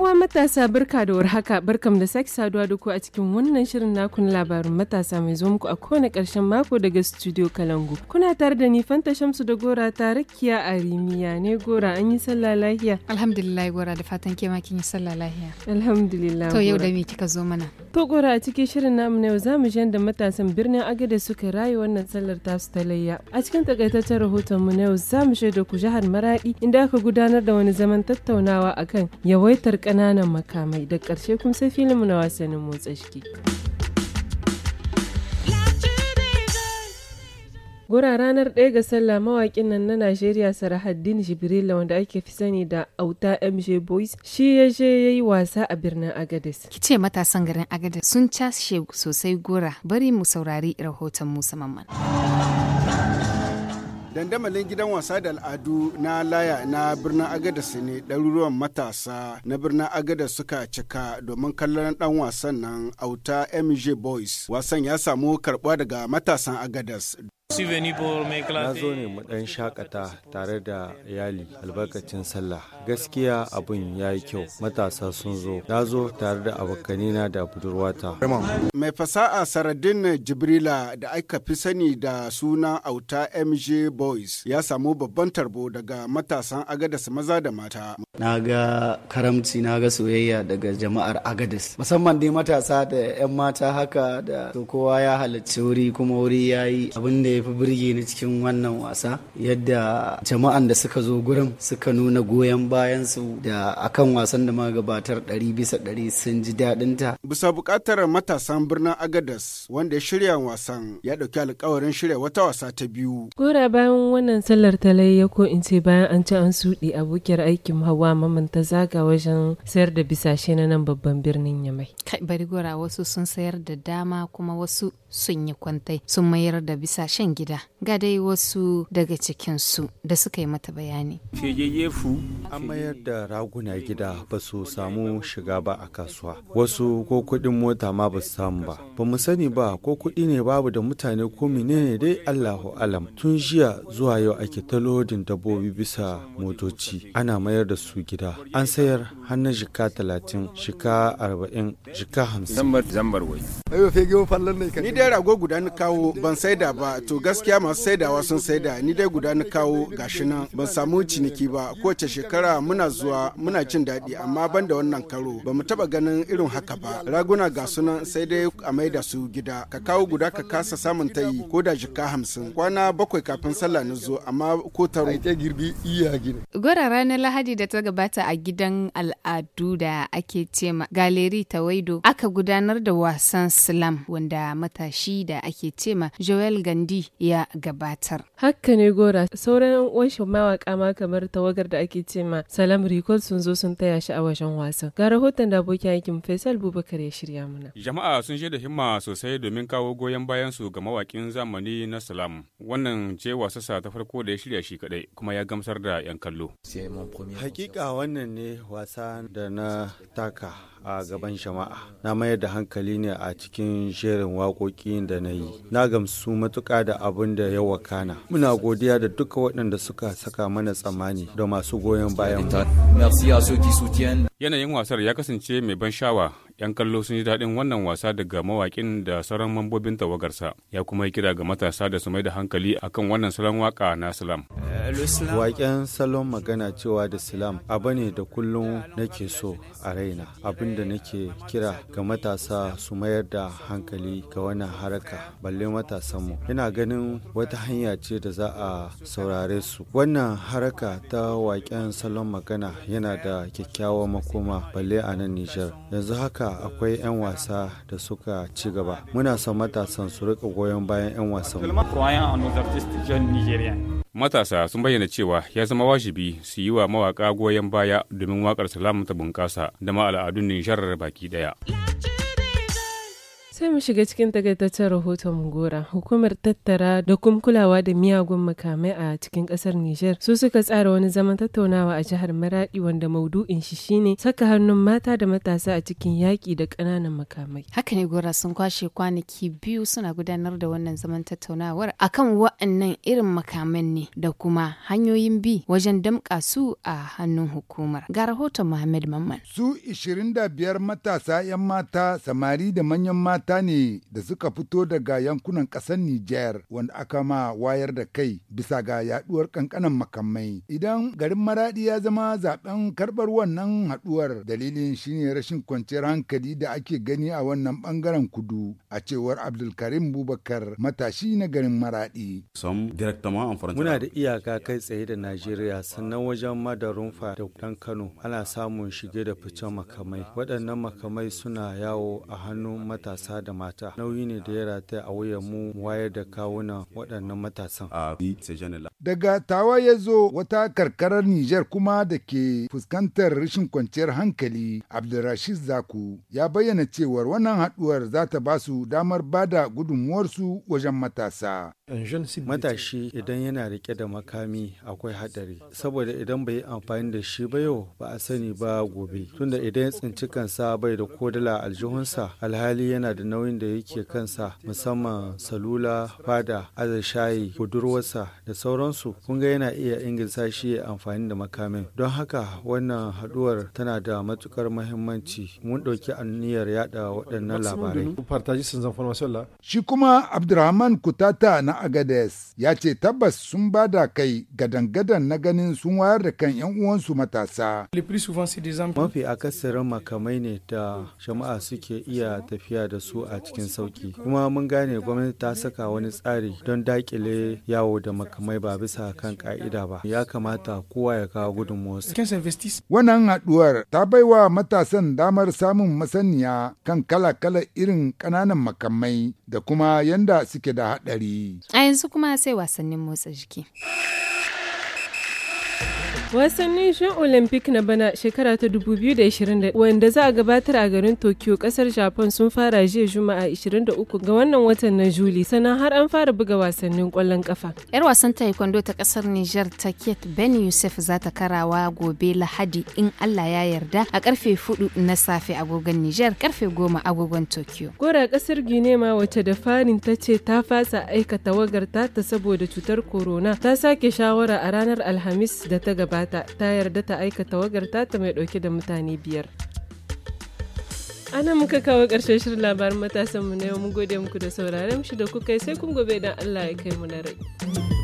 uwa matasa barka da warhaka barkam da sake saduwa da ku a cikin wannan shirin nakun labarin matasa mai zo muku a kowane karshen mako daga studio Kalangu. Kuna tare da ni Fanta Shamsu da Gora tare kiya a Rimiya ne Gora an yi sallah lahiya. Alhamdulillah Gora da fatan ke ma yi sallah lahiya. Alhamdulillah. To yau da me kika zo mana? To Gora a cikin shirin namu na yau za mu da matasan birnin agada suka rayu wannan sallar tasu ta layya. A cikin takaitaccen rahoton mu na yau za mu shaida ku jihar Maradi inda aka gudanar da wani zaman tattaunawa akan yawaitar ƙananan makamai da ƙarshe kuma sai mu na wasannin motsa jiki. Gura ranar ɗaya ga sallah mawaƙin nan na Najeriya Sarahaddin Jibrila wanda ake fi sani da Auta MJ Boys shi ya je ya yi wasa a birnin Agadez. Kice matasan garin Agadez sun cashe sosai gora bari mu saurari rahoton musamman. dandamalin gidan wasa da al'adu na laya na birnin agadas ne ɗaruruwan matasa na birnin agadas suka cika domin kallon ɗan wasan nan auta mj boys wasan ya samu karɓa daga matasan agadas Na zo eh. ne mu ɗan shakata tare da iyali albarkacin sallah. Gaskiya abun ya yi kyau. Matasa sun zo. Na zo tare da abokanina da budurwata. Mai fasa'a Saradin Jibrila da aka fi sani da suna auta MJ Boys ya samu babban tarbo daga matasan Agadas maza da mata. Na ga karamci na ga soyayya daga jama'ar Agadas. Musamman dai matasa da 'yan mata haka da kowa ya halarci wuri kuma wuri ya yi abin da ya fi tafi birge ni cikin wannan wasa yadda jama'an da suka zo gurin suka nuna goyon bayan su da akan wasan da muka gabatar ɗari bisa ɗari sun ji daɗin ta. Bisa buƙatar matasan birnin Agadas wanda ya shirya wasan ya ɗauki alƙawarin shirya wata wasa ta biyu. Gora bayan wannan sallar layya ko in ce bayan an ci an suɗi abokiyar aikin hawa maman ta zaga wajen sayar da bisashe na nan babban birnin Yamai. Kai bari gora wasu sun sayar da dama kuma wasu sun yi kwantai sun mayar da bisashen gida ga dai wasu daga cikin su da suka yi mata bayani. fu an mayar da raguna gida ba su samu shiga ba a kasuwa wasu ko kuɗin mota ma ba su samu ba ba mu sani ba ko kuɗi ne babu da mutane ko menene dai allahu alam tun jiya zuwa yau ake ta lodin dabbobi bisa motoci ana mayar da su gida an sayar hannun shika talatin jika arba'in jika hamsin ni dai rago guda ni kawo ban saida ba to gaskiya masu saidawa sun saida ni dai guda ni kawo gashi ban samu ciniki ba kowace shekara shekara muna zuwa muna jin daɗi amma ban da wannan karo ba mu taɓa ganin irin haka ba raguna ga sunan sai dai a da su gida ka kawo guda ka kasa samun tayi ko da jika hamsin kwana bakwai kafin sallah na zo amma ko taro. gora ranar Lahadi da ta gabata a gidan al'adu da ake ce galeri Tawaido aka gudanar da wasan slam wanda matashi da ake ce ma Joel Gandi ya gabatar. Haka ne Gora sauran uwan mawaka ma kamar tawagar da ake ce Fatima Salam Rikol sun zo sun taya shi a wajen wasan. Ga rahoton da abokin aikin Faisal Bubakar ya shirya mana. Jama'a sun je da himma sosai domin kawo goyon bayan su ga mawakin zamani na Salam. Wannan ce wasasa ta farko da ya shirya shi kadai kuma ya gamsar da 'yan kallo. Hakika wannan ne wasa da na taka a gaban jama'a. Na mayar da hankali ne a cikin shirin waƙoƙi da na yi. Na gamsu matuƙa da abin da ya wakana. Muna godiya da duka waɗanda suka saka mana tsammani da masu goyon Merci à ceux qui soutiennent. Yanayin wasar ya kasance mai ban shawa, 'yan kallo sun yi daɗin wannan wasa daga mawaƙin da sauran mambobin tawagarsa, ya kuma yi kira ga matasa da su mai da hankali akan wannan salon waka na Salam. Waƙen salon magana cewa da Salam abu ne da kullum nake so a raina, abin da nake kira ga matasa su mayar da hankali ga wannan haraka, balle matasanmu. Ina ganin wata hanya ce da za a saurare su. Wannan haraka ta waƙen salon magana yana da kyakkyawan kuma balle a nan Nijar. Yanzu haka akwai 'yan wasa da suka ci gaba. Muna son matasan su rika goyon bayan 'yan wasan. Matasa sun bayyana cewa ya zama wajibi su yi wa mawaƙa goyon baya domin waƙar salamu ta bunƙasa da ma al'adun Nijar baki ɗaya. Sai mu shiga cikin takaitaccen rahoton gora. Hukumar tattara da kuma kulawa da miyagun makamai a cikin kasar Nijar su suka tsara wani zaman tattaunawa a jihar Maradi wanda maudu'in shi shine saka hannun mata da matasa a cikin yaƙi da ƙananan makamai. Haka ne gora sun kwashe kwanaki biyu suna gudanar da wannan zaman tattaunawar akan wa'annan irin makaman ne da kuma hanyoyin bi wajen damƙa su a hannun hukumar. Ga rahoton Muhammad Mamman. Su 25 matasa 'yan mata samari da manyan mata mata ne da suka fito daga yankunan ƙasar Nijar wanda aka ma wayar da kai bisa ga yaduwar ƙanƙanan makamai. Idan garin Maradi ya zama zaben karɓar wannan haɗuwar dalilin shine rashin kwanciyar hankali da ake gani a wannan bangaren kudu a cewar Abdulkarim Bubakar matashi na garin Maradi. Muna da iyaka kai tsaye da Najeriya sannan wajen madarunfa da dan Kano ana samun shige da ficen makamai. Waɗannan makamai suna yawo a hannun matasa da mata nauyi ne da ya rata a wayar mu wayar da kawuna waɗannan matasan. Daga tawa ya zo wata karkarar Nijar kuma da ke fuskantar rashin kwanciyar hankali Abdulrashid Zaku ya bayyana cewar wannan haɗuwar za ta ba su damar ba da gudunmuwarsu wajen matasa. Matashi idan yana rike da makami akwai hadari, saboda idan bai yi amfani da shi ba yau ba a sani ba gobe. Tunda idan ya tsinci kansa bai da kodala aljihunsa alhali yana da nauyin da yake kansa musamman salula, fada, azashayi, budurwarsa da sauransu. Kun yana iya ingilsa shi ya amfani da makamin. Don haka wannan haduwar tana da matukar mahimmanci. Mun ɗauki aniyar yada waɗannan labarai. Shi kuma Abdurrahman Kutata na Agades ya ce tabbas sun ba da kai gadan-gadan na ganin sun wayar da kan 'yan uwansu matasa. Mafi akasarin makamai ne da jama'a suke iya tafiya da su a cikin sauki. Kuma mun gane gwamnati ta saka wani tsari don dakile yawo da makamai ba bisa kan ka'ida ba. Ya kamata kowa ya kawo gudunmuwarsa. Wannan haɗuwar ta baiwa matasan damar samun masaniya kan kala-kala irin ƙananan makamai da kuma yanda suke da haɗari. A yanzu kuma sai wasannin motsa jiki. Wasannin shan Olympic na bana shekara ta 2020 wanda za a gabatar a garin Tokyo kasar Japan sun fara jiya Juma'a 23 ga wannan watan na Juli sannan har an fara buga wasannin kwallon kafa. Yar wasan taekwondo ta kasar Niger ta kate Ben yusuf za ta karawa gobe Lahadi in Allah ya yarda a karfe 4 na safe agogon Niger karfe 10 agogon Tokyo. Gora kasar Guinea ma wace da farin ta ce ta fasa aikata wagar ta saboda cutar corona ta sake shawara a ranar Alhamis da ta gabata. ta ta yarda ta aika tawagar tata mai dauke da mutane biyar ana muka kawo ƙarshen shirin labarin matasanmu na yau mun gode muku da sauraron shi da kuka sai kun gobe idan allah ya kai mu na rai